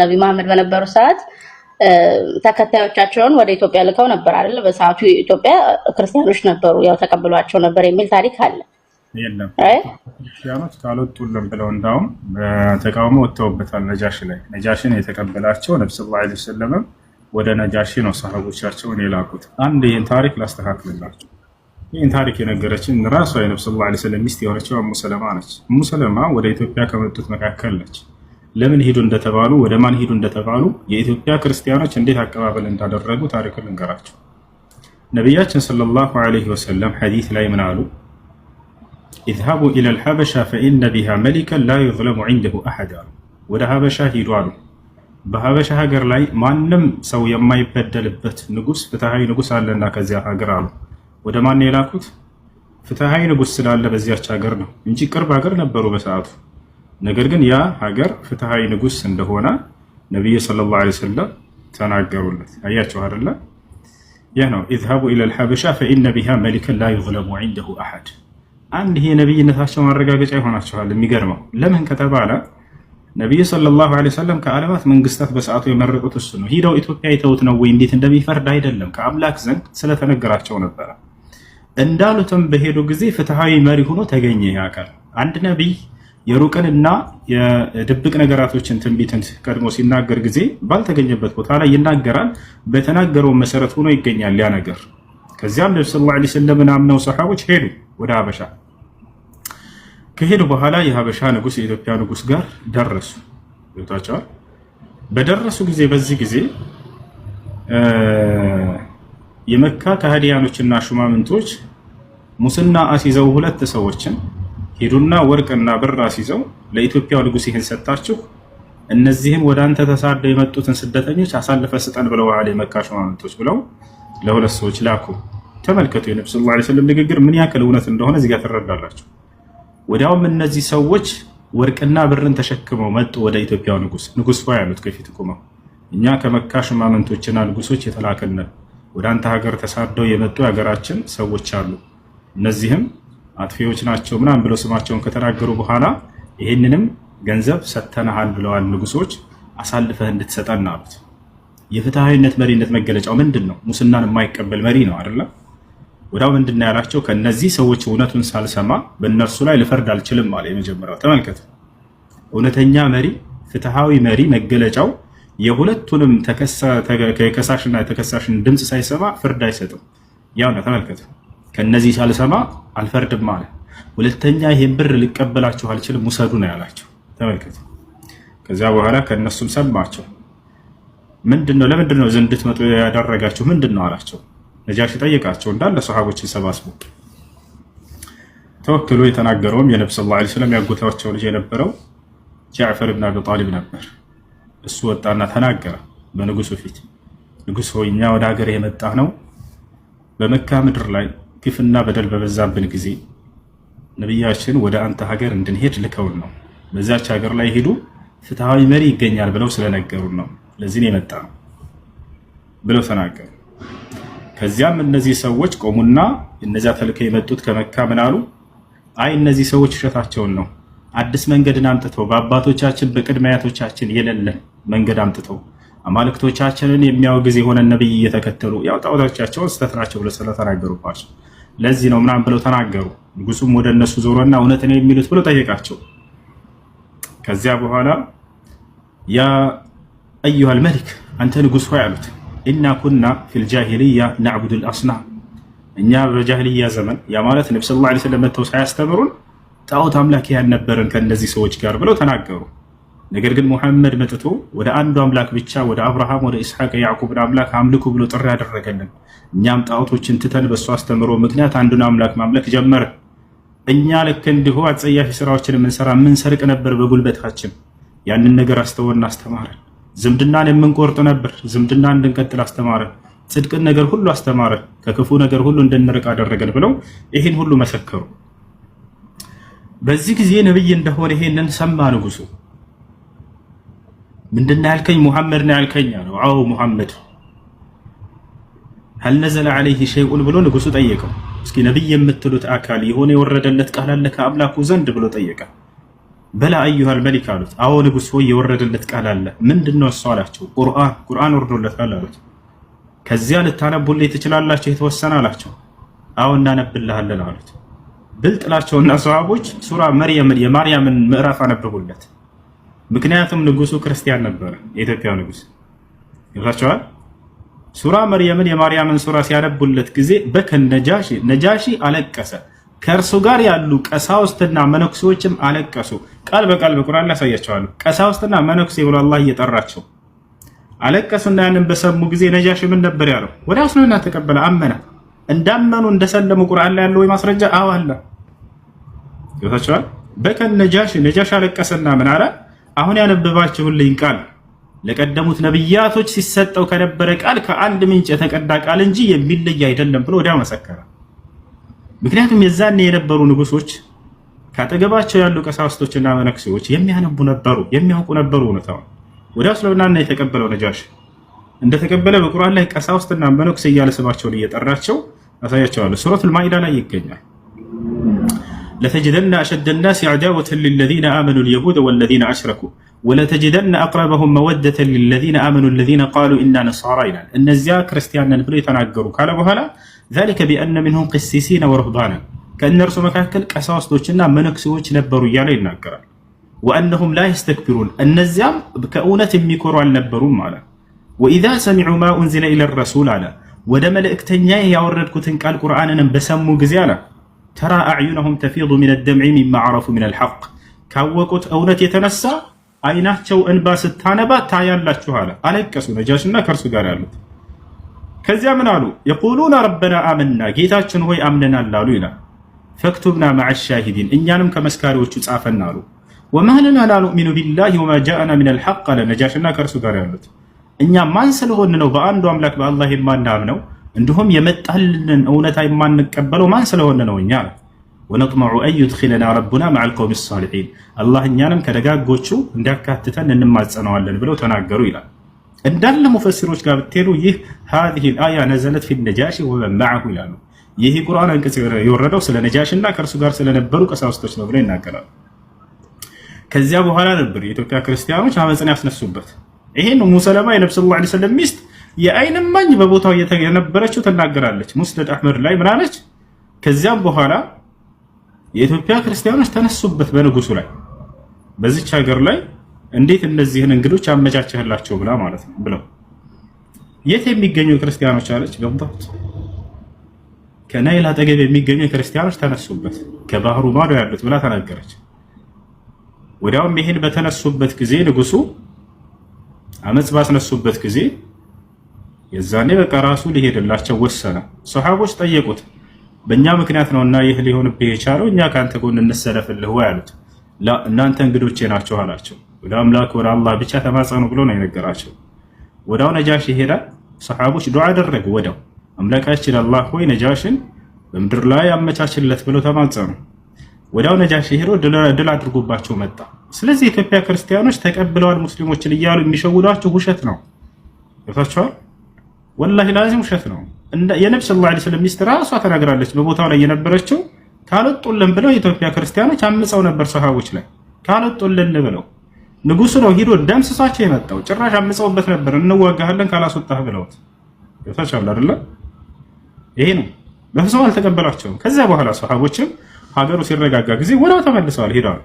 ነቢ መሐመድ በነበሩ ሰዓት ተከታዮቻቸውን ወደ ኢትዮጵያ ልከው ነበር አይደል? በሰዓቱ ኢትዮጵያ ክርስቲያኖች ነበሩ፣ ያው ተቀብሏቸው ነበር የሚል ታሪክ አለ። የለም ክርስቲያኖች ካልወጡልን ብለው እንዳውም በተቃውሞ ወጥተውበታል። ነጃሽ ላይ ነጃሽን የተቀበላቸው ነቢ ስ ላ ሰለምም ወደ ነጃሽ ነው ሰሃቦቻቸውን የላኩት። አንድ ይህን ታሪክ ላስተካክልላቸው። ይህን ታሪክ የነገረችን ራሷ የነቢ ስ ላ ሰለም ሚስት የሆነችው ሰለማ ነች። ሰለማ ወደ ኢትዮጵያ ከመጡት መካከል ነች። ለምን ሄዱ እንደተባሉ ወደ ማን ሄዱ እንደተባሉ የኢትዮጵያ ክርስቲያኖች እንዴት አቀባበል እንዳደረጉ ታሪክ ልንገራቸው። ነቢያችን ሰለላሁ ዐለይሂ ወሰለም ሐዲስ ላይ ምን አሉ? ኢዝሃቡ ኢለል ሐበሻ ፈኢነ ቢሃ መሊከን ላ ዩዝለሙ ዐንደሁ አሐድ አሉ። ወደ ሀበሻ ሂዱ አሉ። በሀበሻ ሀገር ላይ ማንም ሰው የማይበደልበት ንጉስ፣ ፍትሐዊ ንጉስ አለና ከዚያ ሀገር አሉ። ወደ ማን የላኩት? ፍትሃዊ ንጉስ ስላለ በዚያች ሀገር ነው እንጂ ቅርብ ሀገር ነበሩ በሰዓቱ ነገር ግን ያ ሀገር ፍትሐዊ ንጉስ እንደሆነ ነቢይ ሰለላሁ ዐለይሂ ወሰለም ተናገሩለት። አያቸው አይደለ? ይህ ነው ኢዝሃቡ ኢለል ሐበሻ ፈኢነ ቢሃ መሊከን ላ ዩዝለሙ ዒንደሁ አሐድ። አንድ ይሄ ነቢይነታቸው ማረጋገጫ ይሆናቸዋል። የሚገርመው ለምን ከተባለ ነቢዩ ሰለላሁ ዐለይሂ ወሰለም ከዓለማት መንግስታት በሰዓቱ የመረጡት እሱ ነው። ሂደው ኢትዮጵያ የተውት ነው ወይ እንዴት እንደሚፈርድ አይደለም፣ ከአምላክ ዘንድ ስለተነገራቸው ነበረ። እንዳሉትም በሄዱ ጊዜ ፍትሐዊ መሪ ሆኖ ተገኘ። ያውቃል አንድ ነቢይ የሩቅንና የድብቅ ነገራቶችን ትንቢትን ቀድሞ ሲናገር ጊዜ ባልተገኘበት ቦታ ላይ ይናገራል። በተናገረው መሰረት ሆኖ ይገኛል ያ ነገር። ከዚያም ነብ ስ ላ ስለምን አምነው ሰሓቦች ሄዱ ወደ ሀበሻ። ከሄዱ በኋላ የሀበሻ ንጉስ የኢትዮጵያ ንጉስ ጋር ደረሱ ታቸዋል። በደረሱ ጊዜ በዚህ ጊዜ የመካ ከሃዲያኖችና ሹማምንቶች ሙስና አስይዘው ሁለት ሰዎችን ሂዱና ወርቅና ብር አስይዘው ለኢትዮጵያ ንጉስ ይህን ሰጣችሁ፣ እነዚህም ወደ አንተ ተሳደው የመጡትን ስደተኞች አሳልፈ ስጠን ብለዋል የመካ ሹማምንቶች ብለው ለሁለት ሰዎች ላኩ። ተመልከቱ የነብዩ ሰለላሁ ዐለይሂ ወሰለም ንግግር ምን ያክል እውነት እንደሆነ እዚህ ጋር ትረዳላችሁ። ወዲያውም እነዚህ ሰዎች ወርቅና ብርን ተሸክመው መጡ ወደ ኢትዮጵያ ንጉስ። ንጉስ ሆይ ያሉት ከፊት ቆመው እኛ ከመካ ሹማምንቶችና ንጉሶች የተላክን ወደ አንተ ሀገር ተሳደው የመጡ የሀገራችን ሰዎች አሉ እነዚህም አጥፊዎች ናቸው ምናምን ብለው ስማቸውን ከተናገሩ በኋላ ይህንንም ገንዘብ ሰጥተናሃል ብለዋል ንጉሶች፣ አሳልፈህ እንድትሰጠን አሉት። የፍትሐዊነት መሪነት መገለጫው ምንድን ነው? ሙስናን የማይቀበል መሪ ነው አይደለም? ወዳው ምንድን ነው ያላቸው? ከነዚህ ሰዎች እውነቱን ሳልሰማ በእነርሱ ላይ ልፈርድ አልችልም አለ። የመጀመሪያው ተመልከቱ። እውነተኛ መሪ፣ ፍትሐዊ መሪ መገለጫው የሁለቱንም ከከሳሽና የተከሳሽን ድምፅ ሳይሰማ ፍርድ አይሰጥም። ያው ነው ተመልከቱ። ከነዚህ ሳልሰማ አልፈርድም አለ። ሁለተኛ ይህን ብር ልቀበላችሁ አልችልም ውሰዱ ነው ያላቸው። ተመልከቱ። ከዚያ በኋላ ከእነሱም ሰማቸው። ምንድን ነው ለምንድን ነው ዘንድት መጡ ያደረጋችሁ ምንድን ነው አላቸው። ነጃሽ ጠየቃቸው። እንዳለ ሰሃቦችን ሰባስቦ ተወክሎ የተናገረውም የነብ ስ ላ ስለም ያጎታቸው ልጅ የነበረው ጃዕፈር ብን አቢ ጣሊብ ነበር። እሱ ወጣና ተናገረ በንጉሱ ፊት። ንጉሥ ሆይ እኛ ወደ ሀገር የመጣ ነው በመካ ምድር ላይ ግፍና በደል በበዛብን ጊዜ ነቢያችን ወደ አንተ ሀገር እንድንሄድ ልከውን ነው። በዚያች ሀገር ላይ ሄዱ ፍትሐዊ መሪ ይገኛል ብለው ስለነገሩን ነው። ለዚህ ነው የመጣ ነው ብለው ተናገሩ። ከዚያም እነዚህ ሰዎች ቆሙና እነዚያ ተልከው የመጡት ከመካ ምን አሉ? አይ እነዚህ ሰዎች ውሸታቸውን ነው። አዲስ መንገድን አምጥተው በአባቶቻችን በቅድመ አያቶቻችን የሌለን መንገድ አምጥተው አማልክቶቻችንን የሚያወግዝ የሆነ ነብይ እየተከተሉ ያው ጣዖቶቻቸውን ስተት ናቸው ብለው ስለተናገሩባቸው ለዚህ ነው ምናምን ብለው ተናገሩ። ንጉሱም ወደ እነሱ ዞሮና እውነት ነው የሚሉት ብሎ ጠየቃቸው። ከዚያ በኋላ ያ አዩሃል መሊክ አንተ ንጉሥ ሆይ አሉት ኢና ኩና ፊል ጃሂልያ ናዕቡዱል አስናም እኛ በጃሂልያ ዘመን ያ ማለት ነብ ስ ላ ስለም መተው ሳያስተምሩን ጣዖት አምላኪ ያልነበረን ከእነዚህ ሰዎች ጋር ብለው ተናገሩ። ነገር ግን ሙሐመድ መጥቶ ወደ አንዱ አምላክ ብቻ ወደ አብርሃም ወደ ኢስሐቅ ያዕቁብን አምላክ አምልኩ ብሎ ጥሪ አደረገልን። እኛም ጣዖቶችን ትተን በእሱ አስተምሮ ምክንያት አንዱን አምላክ ማምለክ ጀመረ። እኛ ልክ እንዲሁ አጸያፊ ስራዎችን የምንሰራ የምንሰርቅ ነበር በጉልበታችን። ያንን ነገር አስተወና አስተማረን። ዝምድናን የምንቆርጥ ነበር፣ ዝምድና እንድንቀጥል አስተማረን። ጽድቅን ነገር ሁሉ አስተማረን፣ ከክፉ ነገር ሁሉ እንድንርቅ አደረገን ብለው ይህን ሁሉ መሰከሩ። በዚህ ጊዜ ነብይ እንደሆነ ይሄንን ሰማ ንጉሱ ምንድን ነው ያልከኝ? ሙሐመድ ነው ያልከኝ አለው። አዎ ሙሐመድ። ሀል ነዘለ ዐለይሂ ሸይኡን ብሎ ንጉሱ ጠየቀው። እስኪ ነቢይ የምትሉት አካል የሆነ የወረደለት ቃል አለ ከአምላኩ ዘንድ ብሎ ጠየቀ። በላ አዩሃል መሊክ አሉት። አዎ ንጉሥ ሆይ የወረደለት ቃል አለ። ምንድን ነው እሱ አላቸው። ቁርአን ቁርአን ወርዶለታል አሉት። ከዚያ ልታነቡልኝ ትችላላችሁ የተወሰነ አላቸው። አዎ እናነብልሃለን አሉት። ብልጥላቸውና ሰሃቦች ሱራ መርየምን የማርያምን ምዕራፍ አነበቡለት። ምክንያቱም ንጉሱ ክርስቲያን ነበረ። የኢትዮጵያ ንጉስ ይላቸዋል። ሱራ መርየምን የማርያምን ሱራ ሲያነቡለት ጊዜ በከን ነጃሺ ነጃሺ አለቀሰ። ከእርሱ ጋር ያሉ ቀሳውስትና መነኩሴዎችም አለቀሱ። ቃል በቃል በቁርአን ያሳያቸዋሉ። ቀሳውስትና መነኩሴ ብሎ አላህ እየጠራቸው አለቀሱና ያንን በሰሙ ጊዜ ነጃሽ ምን ነበር ያለው? ወደ እስልምና ተቀበለ፣ አመነ። እንዳመኑ እንደሰለሙ ቁርአን ላይ ያለው ወይ ማስረጃ? አዎ ይወታቸዋል። በከን ነጃሽ ነጃሽ አለቀሰና ምን አለ? አሁን ያነበባችሁልኝ ቃል ለቀደሙት ነብያቶች ሲሰጠው ከነበረ ቃል ከአንድ ምንጭ የተቀዳ ቃል እንጂ የሚለይ አይደለም ብሎ ወዲያው መሰከረ። ምክንያቱም የዛኔ የነበሩ ንጉሶች ካጠገባቸው ያሉ ቀሳውስቶችና መነኩሴዎች የሚያነቡ ነበሩ፣ የሚያውቁ ነበሩ። እውነታውን ወዲያው እስልምናን የተቀበለው ነጃሽ እንደተቀበለ በቁርአን ላይ ቀሳውስትና መነኩሴ እያለ ስማቸውን እየጠራቸው አሳያቸዋለሁ። ሱረቱል ማኢዳ ላይ ይገኛል። ለተጅደና አሸደ ናስ አዕዳወተን ሊለዚነ አመኑ ልየሁድ ወለዚነ አሽረኩ ወለተጅደና አቅረበሁም መወደተን ሊለዚነ አመኑ ለዚነ ቃሉ ኢና ነሳራ ይላል። እነዚያ ክርስቲያንን ብሎ የተናገሩ ካለ በኋላ ዛሊከ ቢአነ ሚንሁም ቅሲሲነ ወረህባነ ከእነርሱ መካከል ቀሳውስቶችና መነኩሴዎች ነበሩ እያለ ይናገራል። ወአነሁም ላ የስተክቢሩን እነዚያም ከእውነት የሚኮሩ አልነበሩም አለ። ወኢዛ ሰሚዑ ማ ኡንዚለ ኢለ ረሱል አለ ወደ መልእክተኛ ያወረድኩትን ቃል ቁርአንንም በሰሙ ጊዜ አለ ተራ አዕዩነሁም ተፊዱ ሚነ ደምዒ ሚማ ዓረፉ ሚነል ሐቅ ካወቁት እውነት የተነሳ አይናቸው እንባ ስታነባ ታያላችሁ አለ። አለቀሱ ነጃሽና ከእርሱ ጋር ያሉት። ከዚያ ምን አሉ? የቁሉና ረበና አመና ጌታችን ሆይ አምነናል አሉ ይላል። ፈክቱብና መዐ ሻሂዲን እኛንም ከመስካሪዎቹ ጻፈን አሉ። ወማለና ላ ኑእሚኑ ቢላሂ ወማ ጃአና ሚነል ሐቅ አለ ነጃሽና ከእርሱ ጋር ያሉት። እኛ ማን ስለሆን ነው በአንዱ አምላክ በአላህ የማናምነው እንዲሁም የመጣልንን እውነታ የማንቀበለው ማን ስለሆነ ነው? እኛ ነው። ወነጥመዑ አን ዩድኪለና ረቡና መዓል ቀውሚ ሳሊሒን፣ አላህ እኛንም ከደጋጎቹ እንዲያካትተን እንማጸነዋለን ብለው ተናገሩ ይላል። እንዳለ ሙፈሲሮች ጋር ብትሄዱ ይህ ሀዚሂል አያ ነዘለት ፊ ነጃሺ ወመን ይላሉ። ይህ ቁርአን አንቀጽ የወረደው ስለ ነጃሽ እና ከእርሱ ጋር ስለነበሩ ቀሳውስቶች ነው ብለው ይናገራሉ። ከዚያ በኋላ ነበር የኢትዮጵያ ክርስቲያኖች አመፅን ያስነሱበት። ይሄን ሙሰለማ የነብዩ ሰለላሁ ዐለይሂ ወሰለም ሚስት የአይን እማኝ በቦታው የነበረችው ትናገራለች። ሙስነድ አህመድ ላይ ምናለች? ከዚያም በኋላ የኢትዮጵያ ክርስቲያኖች ተነሱበት በንጉሱ ላይ በዚች ሀገር ላይ እንዴት እነዚህን እንግዶች አመቻችህላቸው ብላ ማለት ነው ብለው የት የሚገኙ ክርስቲያኖች አለች። ገባት ከናይል አጠገብ የሚገኙ ክርስቲያኖች ተነሱበት ከባህሩ ማዶ ያሉት ብላ ተናገረች። ወዲያውም ይሄን በተነሱበት ጊዜ ንጉሱ አመፅ ባስነሱበት ጊዜ የዛኔ በቃ ራሱ ሊሄድላቸው ወሰነ። ሰሃቦች ጠየቁት፣ በእኛ ምክንያት ነው እና ይህ ሊሆንብህ የቻለው እኛ ከአንተ ጎን እንሰለፍልህ ወይ አሉት። እናንተ እንግዶቼ ናቸው አላቸው። ወደ አምላክ ወደ አላህ ብቻ ተማጸኑ ብሎ ነው የነገራቸው። ወዳው ነጃሽ ይሄዳል። ሰሃቦች ዱዓ አደረጉ። ወዳው አምላካችን አላህ ሆይ ነጃሽን በምድር ላይ አመቻችለት ብለው ተማጸኑ። ወዳው ነጃሽ ሄዶ ድል አድርጎባቸው መጣ። ስለዚህ የኢትዮጵያ ክርስቲያኖች ተቀብለዋል ሙስሊሞችን እያሉ የሚሸውዷቸው ውሸት ነው። ገብታችኋል? ወላሂ ላዚም ውሸት ነው። የነብዩ ሰለላሁ ዐለይሂ ወሰለም ሚስት ራሷ ተናግራለች። በቦታው ላይ የነበረችው ካልወጡልን ብለው የኢትዮጵያ ክርስቲያኖች አምፀው ነበር ሰሃቦች ላይ ካልወጡልን ብለው ንጉሱ ነው ሂዶ ደምስሷቸው የመጣው። ጭራሽ አምፀውበት ነበር እንዋጋሃለን ካላስወጣህ ብለውት ይወታቻል አይደለ? ይሄ ነው በፍጹም አልተቀበላቸውም። ከዚያ በኋላ ሰሃቦችም ሀገሩ ሲረጋጋ ጊዜ ወዲያው ተመልሰዋል ሂደዋል።